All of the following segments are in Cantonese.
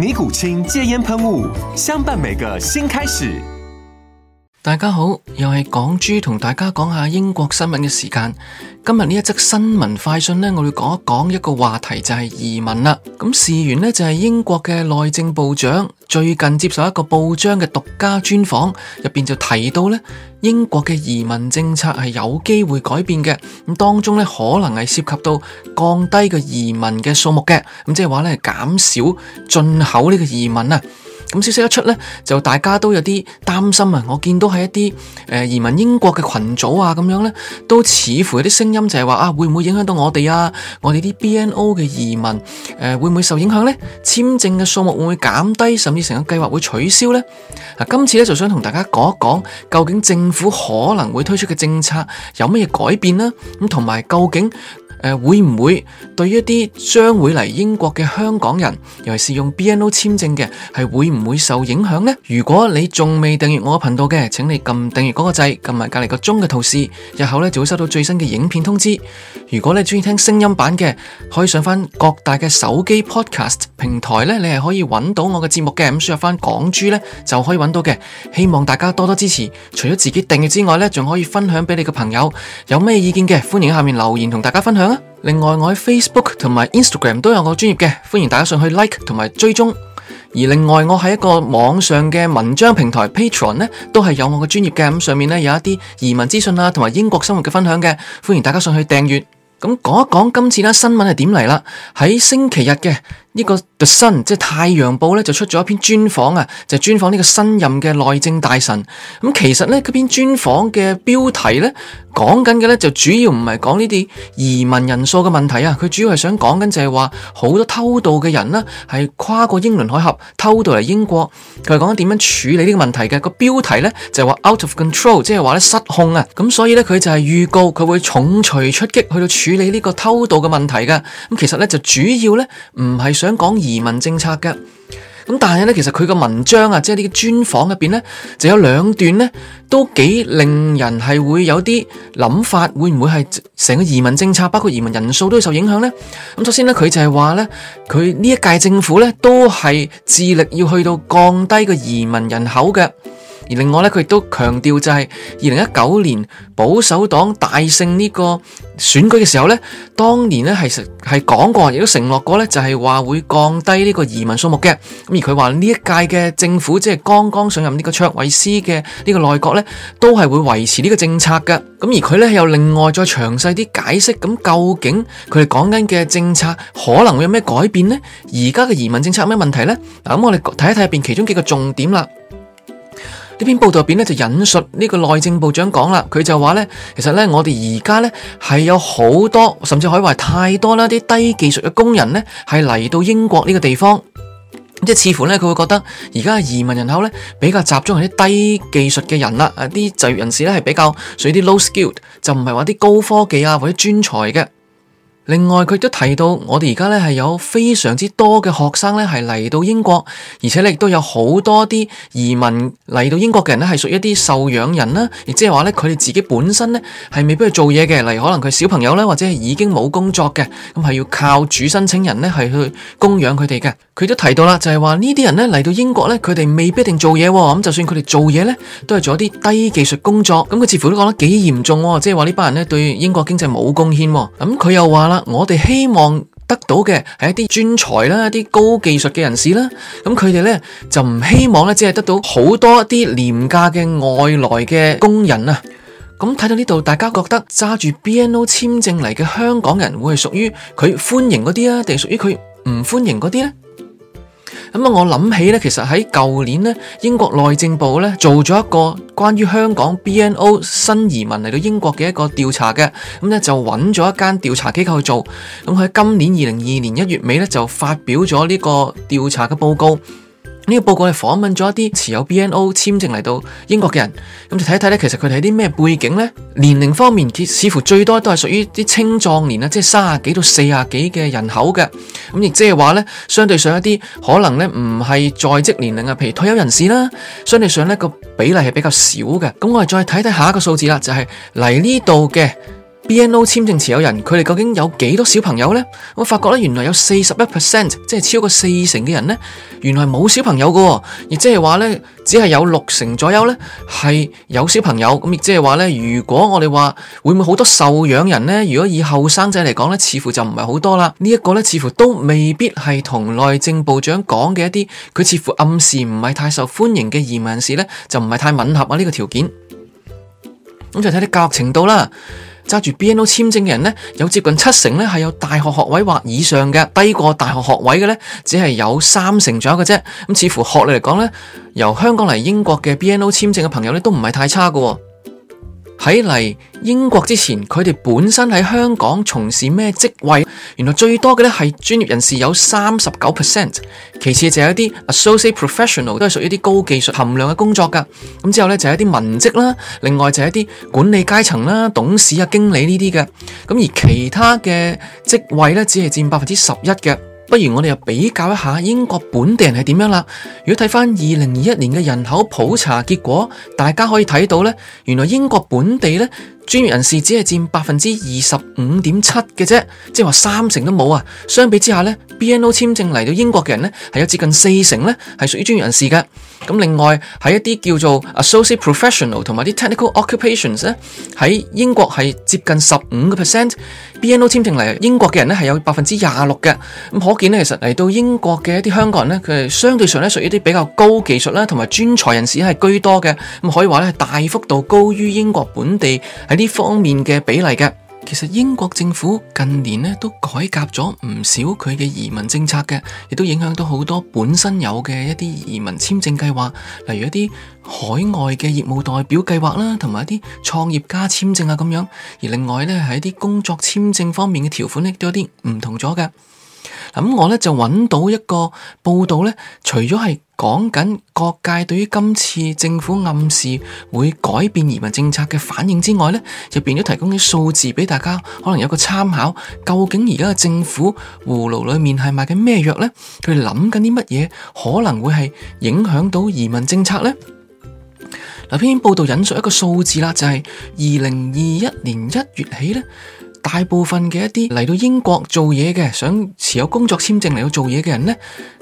尼古清戒煙噴霧，相伴每個新開始。大家好，又係港豬同大家講下英國新聞嘅時間。今日呢一則新聞快訊呢，我要講一講一個話題就係移民啦。咁事源呢，就係英國嘅內政部長最近接受一個報章嘅獨家專訪，入邊就提到呢英國嘅移民政策係有機會改變嘅。咁當中呢，可能係涉及到降低個移民嘅數目嘅。咁即係話呢，減少進口呢個移民啊。咁消息一出呢，就大家都有啲擔心啊！我見到係一啲誒移民英國嘅群組啊，咁樣呢都似乎有啲聲音就係話啊，會唔會影響到我哋啊？我哋啲 BNO 嘅移民誒、啊，會唔會受影響呢？簽證嘅數目會唔會減低，甚至成個計劃會取消呢？嗱、啊，今次咧就想同大家講一講，究竟政府可能會推出嘅政策有乜嘢改變啦？咁同埋究竟？誒會唔會對於一啲將會嚟英國嘅香港人，尤其是用 BNO 簽證嘅，係會唔會受影響呢？如果你仲未訂閱我嘅頻道嘅，請你撳訂閱嗰個掣，撳埋隔離個鐘嘅圖示，日後呢就會收到最新嘅影片通知。如果你中意聽聲音版嘅，可以上翻各大嘅手機 Podcast 平台呢，你係可以揾到我嘅節目嘅，咁輸入翻港豬呢，就可以揾到嘅。希望大家多多支持，除咗自己訂閱之外呢，仲可以分享俾你嘅朋友。有咩意見嘅，歡迎喺下面留言同大家分享。另外，我喺 Facebook 同埋 Instagram 都有個專業嘅，歡迎大家上去 like 同埋追蹤。而另外，我喺一個網上嘅文章平台 Patreon 呢，都係有我嘅專業嘅。咁上面呢，有一啲移民資訊啊，同埋英國生活嘅分享嘅，歡迎大家上去訂閱。咁講一講今次呢新聞係點嚟啦，喺星期日嘅呢、這個。新即係太陽報咧，就出咗一篇專訪啊，就專訪呢個新任嘅內政大臣。咁其實呢，嗰篇專訪嘅標題呢，講緊嘅呢，就主要唔係講呢啲移民人數嘅問題啊，佢主要係想講緊就係話好多偷渡嘅人呢，係跨過英倫海峽偷渡嚟英國，佢係講緊點樣處理呢個問題嘅個標題呢，就係話 out of control，即係話咧失控啊，咁所以呢，佢就係預告佢會重錘出擊去到處理呢個偷渡嘅問題噶。咁其實呢，就主要呢，唔係想講移。移民政策嘅，咁但係咧，其實佢嘅文章啊，即係呢個專訪入邊咧，就有兩段咧，都幾令人係會有啲諗法，會唔會係成個移民政策，包括移民人數都會受影響咧？咁首先咧，佢就係話咧，佢呢一屆政府咧，都係致力要去到降低個移民人口嘅。而另外咧，佢亦都強調就係二零一九年保守黨大勝呢個選舉嘅時候咧，當年咧係講過，亦都承諾過咧，就係話會降低呢個移民數目嘅。咁而佢話呢一屆嘅政府即係、就是、剛剛上任呢個卓慧思嘅呢個內閣咧，都係會維持呢個政策嘅。咁而佢咧又另外再詳細啲解釋，咁究竟佢哋講緊嘅政策可能會有咩改變呢？而家嘅移民政策有咩問題咧？嗱，咁我哋睇一睇入邊其中幾個重點啦。呢篇報道入邊就引述呢個內政部長講啦，佢就話呢，其實呢，我哋而家呢，係有好多，甚至可以話太多啦，啲低技術嘅工人呢，係嚟到英國呢個地方，即係似乎呢，佢會覺得而家移民人口呢，比較集中喺啲低技術嘅人啦，啲就業人士呢，係比較屬於啲 low skilled，就唔係話啲高科技呀、啊，或者專才嘅。另外佢都提到，我哋而家咧係有非常之多嘅學生咧係嚟到英國，而且咧亦都有好多啲移民嚟到英國嘅人咧係屬於一啲受養人啦、啊，亦即係話咧佢哋自己本身咧係未必去做嘢嘅，例如可能佢小朋友咧或者係已經冇工作嘅，咁係要靠主申請人咧係去供養佢哋嘅。佢都提到啦，就係、是、話呢啲人咧嚟到英國咧，佢哋未必一定做嘢，咁就算佢哋做嘢咧，都係做一啲低技術工作，咁佢似乎都覺得幾嚴重，即係話呢班人咧對英國經濟冇貢獻。咁佢又話啦。我哋希望得到嘅係一啲專才啦，一啲高技術嘅人士啦，咁佢哋呢，就唔希望呢，只係得到好多一啲廉價嘅外來嘅工人啊！咁睇到呢度，大家覺得揸住 BNO 簽證嚟嘅香港人會係屬於佢歡迎嗰啲啊，定係屬於佢唔歡迎嗰啲呢？咁啊，我諗起咧，其實喺舊年咧，英國內政部咧做咗一個關於香港 BNO 新移民嚟到英國嘅一個調查嘅，咁咧就揾咗一間調查機構去做，咁喺今年二零二二年一月尾咧就發表咗呢個調查嘅報告。呢、個報告係訪問咗一啲持有 BNO 簽證嚟到英國嘅人，咁就睇睇咧，其實佢哋係啲咩背景呢？年齡方面，似乎最多都係屬於啲青壯年啦，即係三啊幾到四啊幾嘅人口嘅。咁亦即係話咧，相對上一啲可能咧唔係在職年齡啊，譬如退休人士啦，相對上呢個比例係比較少嘅。咁我哋再睇睇下一個數字啦，就係嚟呢度嘅。BNO 簽證持有人，佢哋究竟有幾多小朋友呢？我發覺咧，原來有四十一 percent，即係超過四成嘅人呢，原來冇小朋友嘅，亦即係話呢，只係有六成左右呢係有小朋友。咁亦即係話呢，如果我哋話會唔會好多受養人呢？如果以後生仔嚟講呢，似乎就唔係好多啦。呢一個呢，似乎都未必係同內政部長講嘅一啲，佢似乎暗示唔係太受歡迎嘅移民事呢，就唔係太吻合啊呢個條件。咁就睇啲教育程度啦。揸住 BNO 簽證嘅人咧，有接近七成咧係有大學學位或以上嘅，低過大學學位嘅咧，只係有三成左右嘅啫。咁似乎學歷嚟講咧，由香港嚟英國嘅 BNO 簽證嘅朋友咧，都唔係太差嘅喎。喺嚟英國之前，佢哋本身喺香港從事咩職位？原來最多嘅咧係專業人士有三十九 percent，其次就係一啲 associate professional，都係屬於啲高技術含量嘅工作噶。咁之後咧就係一啲文職啦，另外就係一啲管理階層啦、董事啊、經理呢啲嘅。咁而其他嘅職位咧，只係佔百分之十一嘅。不如我哋又比較一下英國本地人係點樣啦？如果睇翻二零二一年嘅人口普查結果，大家可以睇到咧，原來英國本地咧專業人士只係佔百分之二十五點七嘅啫，即係話三成都冇啊。相比之下咧，BNO 簽證嚟到英國嘅人咧，係有接近四成咧係屬於專業人士嘅。咁另外喺一啲叫做 associate professional 同埋啲 technical occupations 咧，喺英國係接近十五個 percent。BNO 簽證嚟英國嘅人咧係有百分之廿六嘅。咁可見咧，其實嚟到英國嘅一啲香港人咧，佢係相對上咧屬於啲比較高技術啦同埋專才人士係居多嘅。咁可以話咧，係大幅度高於英國本地喺呢方面嘅比例嘅。其實英國政府近年咧都改革咗唔少佢嘅移民政策嘅，亦都影響到好多本身有嘅一啲移民簽證計劃，例如一啲海外嘅業務代表計劃啦，同埋一啲創業家簽證啊咁樣。而另外咧喺啲工作簽證方面嘅條款咧都有啲唔同咗嘅。咁我呢，就揾到一個報道呢，除咗係講緊各界對於今次政府暗示會改變移民政策嘅反應之外呢，就變咗提供啲數字俾大家，可能有個參考。究竟而家嘅政府葫蘆裏面係賣緊咩藥呢？佢諗緊啲乜嘢可能會係影響到移民政策呢？嗱，篇報道引述一個數字啦，就係二零二一年一月起呢。大部分嘅一啲嚟到英國做嘢嘅，想持有工作簽證嚟到做嘢嘅人呢。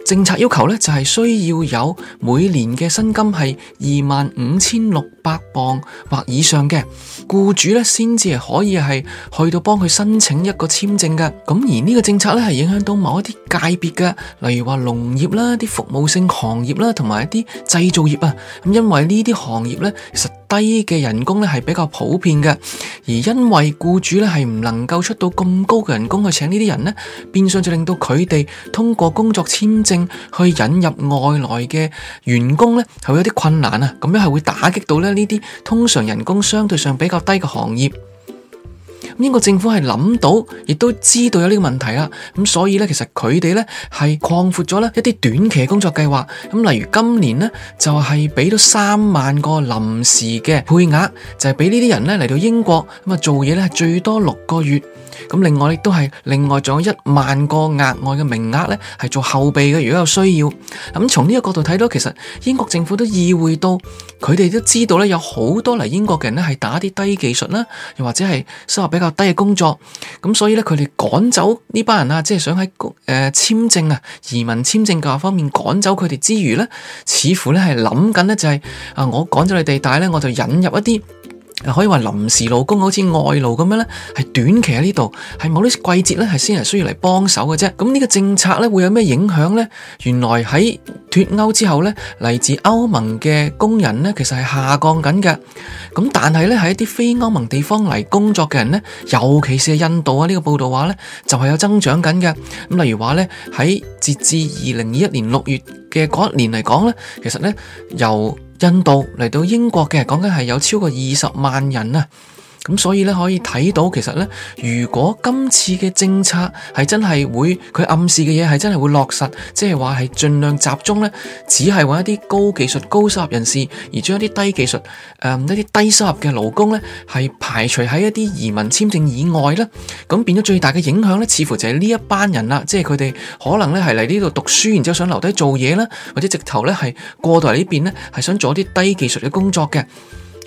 政策要求咧，就係需要有每年嘅薪金係二萬五千六百磅或以上嘅僱主咧，先至係可以係去到幫佢申請一個簽證嘅。咁而呢個政策咧，係影響到某一啲界別嘅，例如話農業啦、啲服務性行業啦，同埋一啲製造業啊。咁因為呢啲行業咧，其實低嘅人工咧，係比較普遍嘅，而因為僱主咧，係唔能夠出到咁高嘅人工去請呢啲人咧，變相就令到佢哋通過工作簽證。去引入外來嘅員工呢，係會有啲困難啊！咁樣係會打擊到咧呢啲通常人工相對上比較低嘅行業。英國政府係諗到，亦都知道有呢個問題啦。咁所以呢，其實佢哋呢係擴闊咗呢一啲短期嘅工作計劃。咁例如今年呢，就係俾咗三萬個臨時嘅配額，就係俾呢啲人呢嚟到英國咁啊做嘢呢係最多六個月。咁另外亦都係另外仲有一萬個額外嘅名額呢係做後備嘅，如果有需要。咁從呢個角度睇到，其實英國政府都意會到，佢哋都知道呢有好多嚟英國嘅人呢係打啲低技術啦，又或者係收入比較低嘅工作，咁所以咧，佢哋趕走呢班人啊，即係想喺誒簽證啊、移民簽證計劃方面趕走佢哋之餘咧，似乎咧係諗緊咧就係、是、啊，我趕走你哋但係咧，我就引入一啲。可以話臨時勞工好似外勞咁樣咧，係短期喺呢度，係某啲季節咧係先係需要嚟幫手嘅啫。咁呢個政策咧會有咩影響咧？原來喺脫歐之後咧，嚟自歐盟嘅工人咧其實係下降緊嘅。咁但係咧喺一啲非歐盟地方嚟工作嘅人咧，尤其是印度啊，呢個報道話咧，就係有增長緊嘅。咁例如話咧喺截至二零二一年六月嘅嗰一年嚟講咧，其實咧由印度嚟到英國嘅，講緊係有超過二十萬人啊！咁所以咧，可以睇到其實咧，如果今次嘅政策係真係會佢暗示嘅嘢係真係會落實，即係話係盡量集中咧，只係揾一啲高技術、高收入人士，而將一啲低技術、誒、呃、一啲低收入嘅勞工咧，係排除喺一啲移民簽證以外咧，咁變咗最大嘅影響咧，似乎就係呢一班人啦，即係佢哋可能咧係嚟呢度讀書，然之後想留低做嘢啦，或者直頭咧係過嚟呢邊咧係想做一啲低技術嘅工作嘅。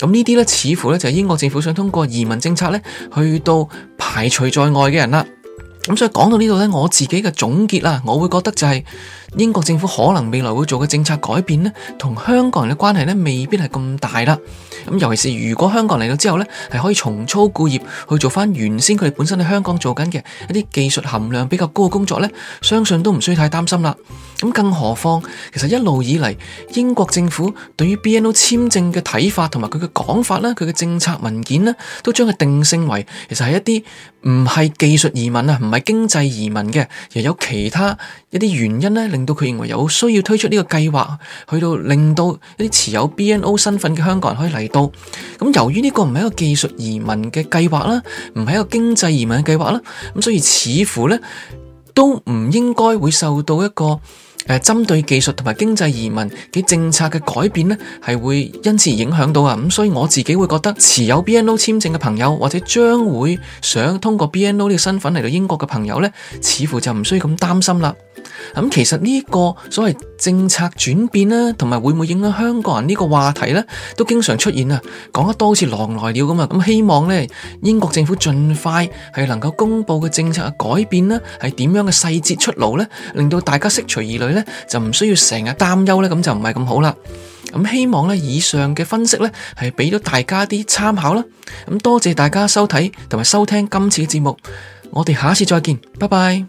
咁呢啲咧，似乎咧就係英國政府想通過移民政策咧，去到排除在外嘅人啦。咁所以講到呢度咧，我自己嘅總結啦，我會覺得就係英國政府可能未來會做嘅政策改變咧，同香港人嘅關係咧，未必係咁大啦。咁尤其是如果香港嚟到之後咧，係可以重操故業去做翻原先佢哋本身喺香港做緊嘅一啲技術含量比較高嘅工作咧，相信都唔需要太擔心啦。咁更何況，其實一路以嚟，英國政府對於 BNO 簽證嘅睇法同埋佢嘅講法咧，佢嘅政策文件呢都將佢定性為其實係一啲唔係技術移民啊，唔係經濟移民嘅，又有其他一啲原因呢令到佢認為有需要推出呢個計劃，去到令到一啲持有 BNO 身份嘅香港人可以嚟到。咁由於呢個唔係一個技術移民嘅計劃啦，唔係一個經濟移民嘅計劃啦，咁所以似乎呢都唔應該會受到一個。誒，針對技術同埋經濟移民嘅政策嘅改變呢係會因此而影響到啊，咁所以我自己會覺得持有 BNO 簽證嘅朋友，或者將會想通過 BNO 呢個身份嚟到英國嘅朋友呢，似乎就唔需要咁擔心啦。咁其實呢個所謂政策轉變啦，同埋會唔會影響香港人呢個話題呢，都經常出現啊，講得多好似狼來了咁啊。咁希望呢英國政府盡快係能夠公布嘅政策嘅改變呢，係點樣嘅細節出爐呢，令到大家釋除疑慮。就唔需要成日擔憂咧，咁就唔係咁好啦。希望以上嘅分析咧係俾大家啲參考啦。多謝大家收睇同埋收聽今次嘅節目，我哋下次再見，拜拜。